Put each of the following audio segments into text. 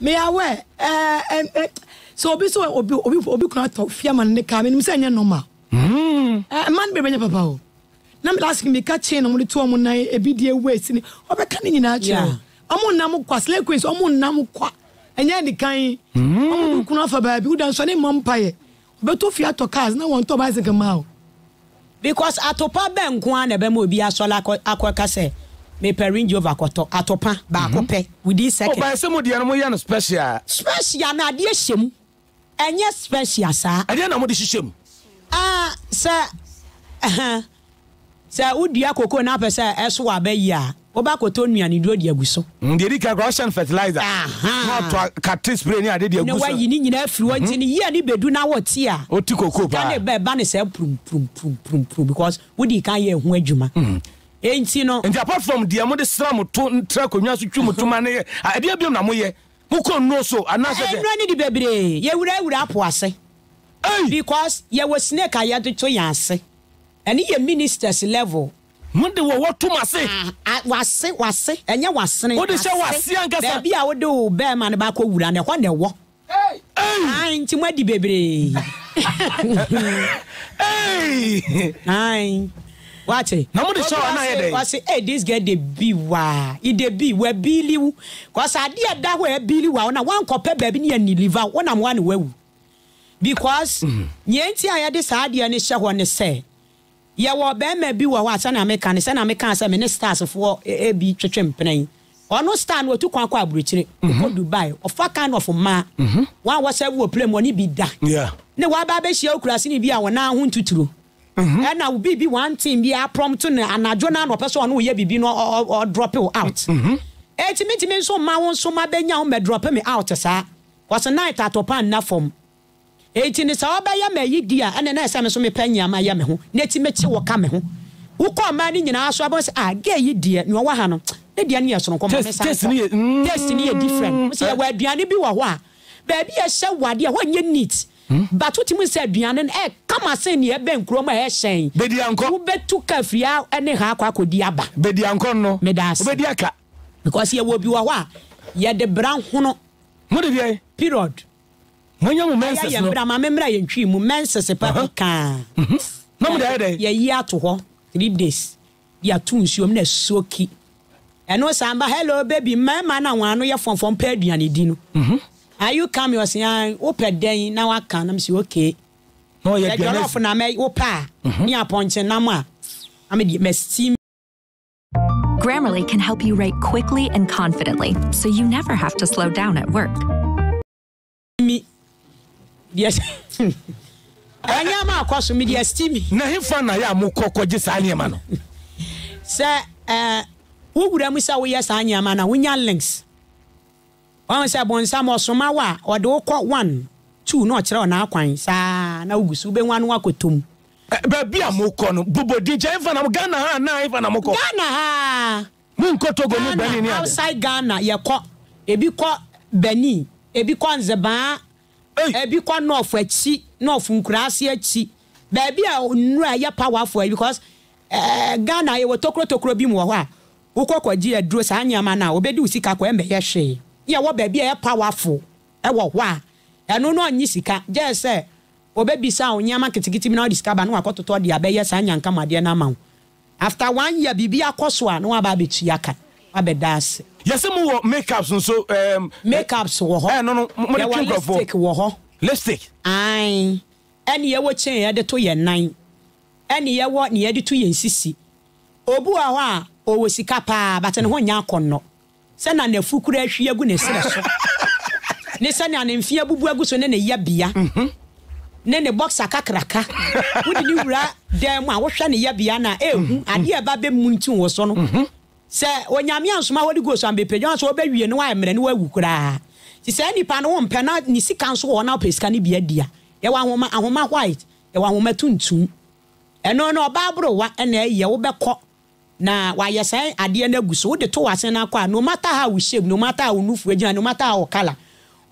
meyawɛ eh, eh, eh, so? obi so obi Obi kuna tɔ fia no ne ka menim sɛ ɛnyɛ normal hmm. ma no bɛbɛnyɛ papa o na last meka kyee no mode toɔ mu na ebi deɛ wasi ne ɔbɛka ne nyinaa kyerɛ ɔmo nnam kwa slay queens ɔmo nnam kwa ɛnyɛ adikan ɔmo bi kuna afa baabi woda nsɔ ne mmɔ mpayɛ ɔbɛtɔ fie atɔ cars na wɔntɔ bicycle ma o because atopa bɛnko a na ɛbɛma obi asɔre akɔka sɛ mepɛ range over kɔtɔ atɔpa baako mhm. pɛ within second. ɔbɛn sɛ mo deɛ no mo yɛ no special. special na adeɛ hyɛ mu ɛnyɛ special saa. adeɛ na mo de hyehyɛ mu. aa ah, sɛ sɛ wodua koko na apɛ sɛ ɛso wɔ abɛyi a wọba koto nnuane duro di egu so. ndedi mm, kakra ọsàn fertilizer. n'ọtọ kati spray ni ade di egu so. ne wa yi ni nyinaa firi wọn ti ni mhm. yíyá ni bedu na wọ ti a. o ti koko paa. sika ne ba ne sẹ purum purum purum purum because wodi kan yẹ ehun adwuma. Mhm enti no nti apart from deɛ mode sra mo to tra akonnwa so twi mo toma ne yɛ ɛdeɛ biom na moyɛ mokɔ nnuo so anaasɛdɛ nnura no de bebree yɛwurawura apo ase because yɛwɔ snake a yɛde to yɛn ase ɛne yɛ ministers level mode wɔ wɔtom ase ah, ah, wase wase ɛnyɛ wasene wode hyɛ wase ankasa baabi a wode wo bɛɛma no baakɔ wura no ɛhɔ ne ɛwɔ nti moadi bebree wati. na mo eh, mm-hmm. de sọ ọ n'ayẹ dẹ. wasi e dis girl de bi wa e de bi wa biili wu kọsi adi yẹ da hɔ yɛ biili wa ɔna wa nkɔ pɛ bɛɛbi ni yɛ niliva ɔna mu wa ni wɛwu because yɛn ti a yɛ de saa adiɛ ni hyɛ hɔ ni sɛ yɛwɔ bɛrima bi wɔ hɔ a sɛnea meka ne sɛnea meka sɛ me ne stars foɔ ebi e twetwe mpena yi ɔno star no otu kwan kɔ aburukyire ɔkɔ mm-hmm. dubai ɔfa kan of mmaa mm-hmm. wɔn a wɔsɛ wɔ plane mu ɔne bi da ne wɔaba abɛhyia okura sini bi a wɔn nan ho Mm-hmm. ɛna biribi bi aprɔmto ne anadwo no anɔpɛ sɛ ɔno woyɛ biribi no ɔdrɔpe wo out ɛtimitimi mm-hmm. nso ma wo nso ma bɛnya wo mɛdrɔpe me out saa wɔse night atɔpa nna fam ɛti ne sɛ wobɛyɛ ma ayi di a ɛne na ɛsɛ me so mepɛ yɛ me ho na ɛti mɛkye wɔ ka me ho wokɔ a ah, yi deɛ ha no ne deɛ no yɛ test no mm. yɛ different sɛ yɛwɔ aduane bi wɔ hɔ a baabi yɛhyɛ bato tumi sɛ aduane no ɛkama sɛ neɛ ɛbɛ nkurom a ɛhyɛn bɛdiankɔ wobɛtu kafria ne ha akɔ akɔdi aba bɛdiankɔ no medaswobɛdi aka because yɛwɔ bi wɔ hɔ a yɛde bra hono mode deɛ period monya mu menses uh-huh. mm-hmm. no yɛbrama memmerɛ yɛntwii mu menses pa bi kaa na mode ayɛ dɛ yɛyi ato hɔ three days yɛato nsuom na ɛsuo ki ɛno saa mba hello baby mmarima no wɔn ano yɛ fɔmfɔm pɛ aduane di no mm-hmm are you come your sin wopɛ dɛn na waka nam si okay na ɔyɛ aduane jɔlɔfo na mɛ wopɛ a ne apɔnkye nam a amedi mɛsi. Grammarly can help you write quickly and confidently, so you never have to slow down at work. Me, yes. ɛnyɛ ama akɔ so mede asti mi na hefa na yɛ a mokɔ kɔgye saa nneɛma no sɛ eh, wowura mu sɛ woyɛ saa nneɛma no a wonya links ɔhu sɛ bonsam ɔsoma wo a ɔde wokɔ one two na ɔkyerɛ ɔna akwan saa na si wogu so wobɛhu ano akɔtom baabi a mụ mokɔ no bobodinkyɛ ɛmfa nam ghana ha na ɛmfa mụ kọ. ghana ha Mụ monkɔ togo ne bani ne outside ghana kọ. ebi kọ Benin, ebi kọ nzebaa ebi kɔ north echi. north nkuraase akyi baabi a nnura yɛ pawa because ɛɛ eh, ghana yɛwɔ tokorotokoro bi mụ wɔ hɔ a wokɔ kɔgye aduro saa nneɛma no a wobɛdi wo sika kɔ ɛmbɛyɛ hwee yɛwɔ baabi a ɛyɛ powerful ɛwɔ hɔ a ɛno no ɔnyi sika gye sɛ obɛbisa wo nneɛma kitikiti bi na ɔde sika ba na wakɔtotɔ de abɛyɛ saa nyankamadeɛ no ama wo after one year biribi akɔ so a na waba abɛtu aka abɛda ase yɛsɛ mu wɔ makeups nso um, makeups wɔ hɔ ɛno eh, no mode twe nkurɔfoɔ lipstick wɔ hɔ lipstick ae ɛne yɛwɔ kyɛn yɛde to yɛn nan ɛne yɛwɔ ne yɛde to yɛn sisi obu wɔ hɔ a ɔwɔ sika paa bate ne ho nyɛ akɔnnɔ sɛna nafu kura ahwi agu ne serɛ so ne sɛnea ne mfe abubu agu so ne ne yɛ bea mhm. ne ne bɔksa kakraka wode ne wura dan mu a wohwɛ ne yɛ bea no mhm, mhm. a ɛhu adeɛ ɛba bɛmu ntim wɔ so no sɛ onyame ansoma wode go so ambɛpɛgya so wobɛwie no woayɛ mmerɛ ne woawu koraa nti saa nnipa no wompɛ na ne sika nso wɔ na wopɛ sika no bi adi a yɛwɔ ahoma ahoma white yɛwɔ ahoma tuntum ɛno no ɔbaa borowa ɛna ɛyɛ wobɛkɔ na wayɛ saa adeɛ no agu so wode to wase no akɔ a no mata how shape no mata how nufu agyina no mata how kala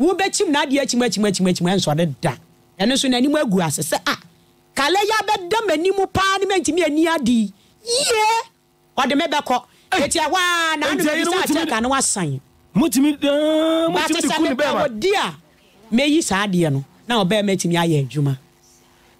wobɛkyim no adeɛ akyim akyim akyim akyim ɛnsɔre da ɛno so n'anim agu ase sɛ a ah, kala yi abɛda m'anim paa ne mantimi ani adi yie ɔde me bɛkɔ ɛtia waa naano mebisa akyɛ ka no wasan motumi eh, motumi de kuni bɛɛ ma bate sɛ mepɛ wɔ di a meyi saa adeɛ no na ɔbɛɛ mɛtumi ayɛ adwuma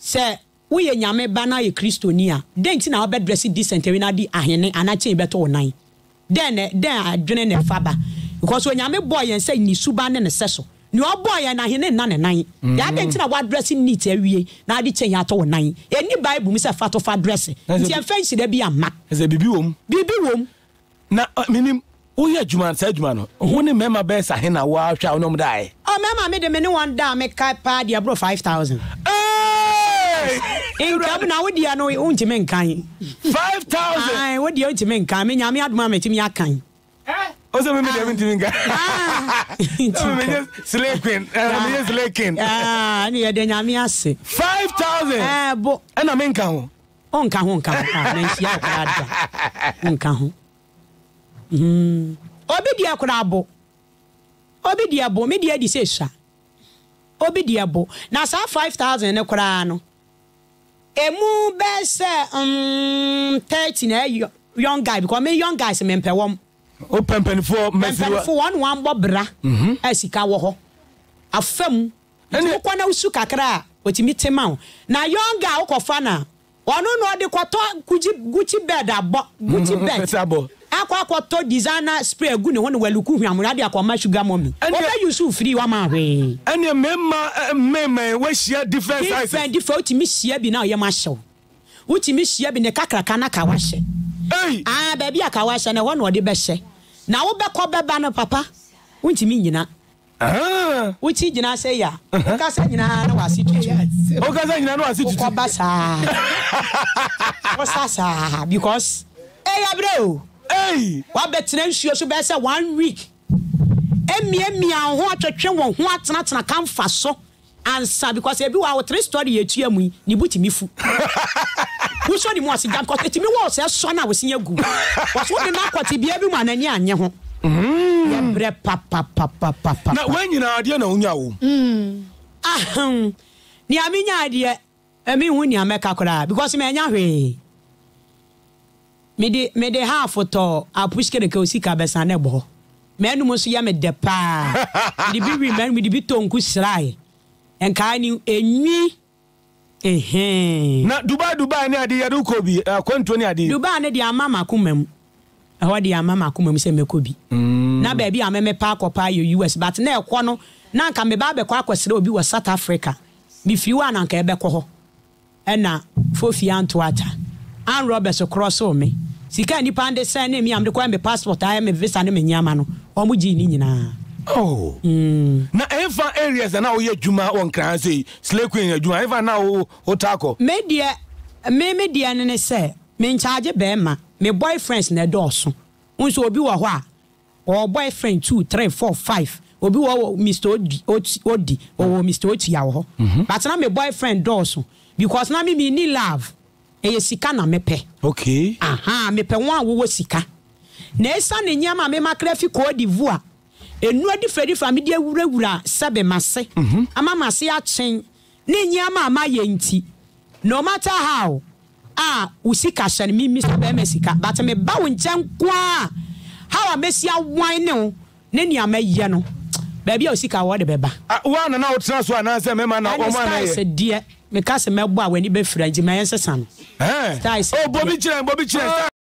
sɛ woyɛ nyame ba na yɛ kristoni a dɛn nti na wobɛdrɛse decentary na de ahene anakyɛn bɛtɔ wo nan dɛn dɛn adwene ne fa ba because onyame bɔɔ yɛn sɛ nisuba ne ne sɛ so nea ɔbɔɔ yɛn n'ahene nna ne nan yɛ mhm. adɛn nti na wadrɛse neat awie na ade kyɛn yɛatɔ wo nan ɛni bible mu sɛ fa drɛse nti yɛmfa nhyira bi ama biribi wɔ mu biribi wɔ m. na menim woyɛ adwuma saa adwuma no ho ne mmarima bɛɛ sɛ ahena woahwɛ a wonom daeɛ mmarima mede me ne wɔn da a mekae paa deɛ borɔ 5000 nkɛm na wodeɛ no wontumi nkan 5000 wodeɛ wontumi nkan me nyame adoma matumi akan o sɛ mimi deɛ mi ntumi nka mimi silekin mimi silekin ɛna yɛde nyame ase 5000 ɛɛ bo ɛna mi ho ɔnka ho nka ho a na nhyia akora ada nka obi deɛ akora abo obi deɛ abo me deɛ di sɛ sua obi deɛ abo na saa 5000 ne koraa no emu bɛ sɛ um, thirty na ɛyɛ e young guy because me young guys mi mpɛ wɔm. o pɛmpɛnifoɔ mɛsiriwa pɛmpɛnifoɔ wɔn wɔn bɔ bra. ɛsika mhm. e wɔ hɔ afɛm nti wokɔ na wusu kakra a otimi te ma o na young guy wokɔ fa na ɔno na ɔde kɔtɔ gucci gucci bed abɔ gucci bed akɔ akɔtɔ designer spray egu ne ho ne waluku hwamura de akɔma sugar mummy ɔbɛ yusu firi wama hwee. ɛnni mmarima mmarima siya different sizes. different different wotumi hyia bi na ɔyɛ ma hyɛw wotumi hyia bi ne kakraka na kawa hyɛ. ɛyi aa baabi a kawa hyɛ no ɛhɔ na ɔde bɛhyɛ na wobɛkɔ bɛba no papa wontumi ah! nyina wotu gyina sɛ ya wokasa nyinaa na wase tutuwokasa nyinaa na wase tutu wokɔba saa wosa saa because ɛyɛ berɛ o wabɛtena nsuo so bɛyɛ sɛ one week emiamia ho atwetwe wɔn ho atenatena kamfa so ansa because ebi wɔ a wɔtere story yɛ etua mu yi ne bu timi fu wusɔ ne mu ase gya nkɔtɔ timi wɔ ɔsɛ sɔ na wosi yɛ gu wɔso de na akɔte bia bi mu anani anyɛ ho. Mm-hmm. yɛbrɛ papapapapa. na wɔn nyinaa adeɛ na onya wo. Mm. ahun nea mi nya adeɛ emi hu nea mɛka koraa because mɛ nya hwee mede mede half tɔ apusikere ka o sika bɛsan ne bɔ mɛnum nso yɛ me dɛ paa mede bi wi mɛnum mede bi to srae nkaa ni enwi ehɛn. na dubai dubai ne adi yadu ko bi akɔntuo ne adi. dubai ne de ama ma kuma mu ɛhɔ de ama ma kuma sɛ mɛkɔ bi. Mm. na baabi a mɛmɛ pa akɔ pa yɛ us but na ɛkɔ no na nka mɛ ba bɛkɔ akɔsrɛ obi wɔ south africa mifiri wa na nka ɛbɛkɔ hɔ ɛna fofi anto ata an rɔbɛs korɔ so sika nipa de sɛn ne mi am de kɔ passport ayɛ mi visa ne mi nyama no ɔmo gyi ni nyinaa. Oh. Mm. na ɛnfa areas na woyɛ adwuma wɔ nkran se slay queen adwuma ɛnfa na wo wo ta akɔ. me deɛ me me deɛ ne ne sɛ me nkyaagye bɛrima me boyfriends na ɛdɔɔso nso obi wɔ hɔ a ɔwɔ boyfriend two three four five obi wɔ mr odi odi ɔwɔ mr otia wɔ hɔ mhm. but na me boyfriend dɔɔso because na mi mi ni love ɛyɛ sika na mepɛ okay aha mepɛ wɔn a wɔwɔ sika na ɛsiane nneɛma a memakra fi di divoire enua diferedifa mi de awurawura sɛbɛ mase mhm. ama mase akyɛn ne nneɛma a mayɛ nti no matter how a wo sika hyɛ no mimi sɛ bɛrima sika but meba wo nkyɛn koaa how a mɛsi awan ne wo ne nea mɛyɛ no baabi a wo sika wɔ de bɛba. Ah, wa nana o tena so anaasɛ mɛma na ɔmo anayɛ ɛne style sɛ deɛ meka sɛ mɛbɔ a w'ani bɛfira nti mayɛ nsesa no eh, oh, bobi kyerɛ bobi kyerɛ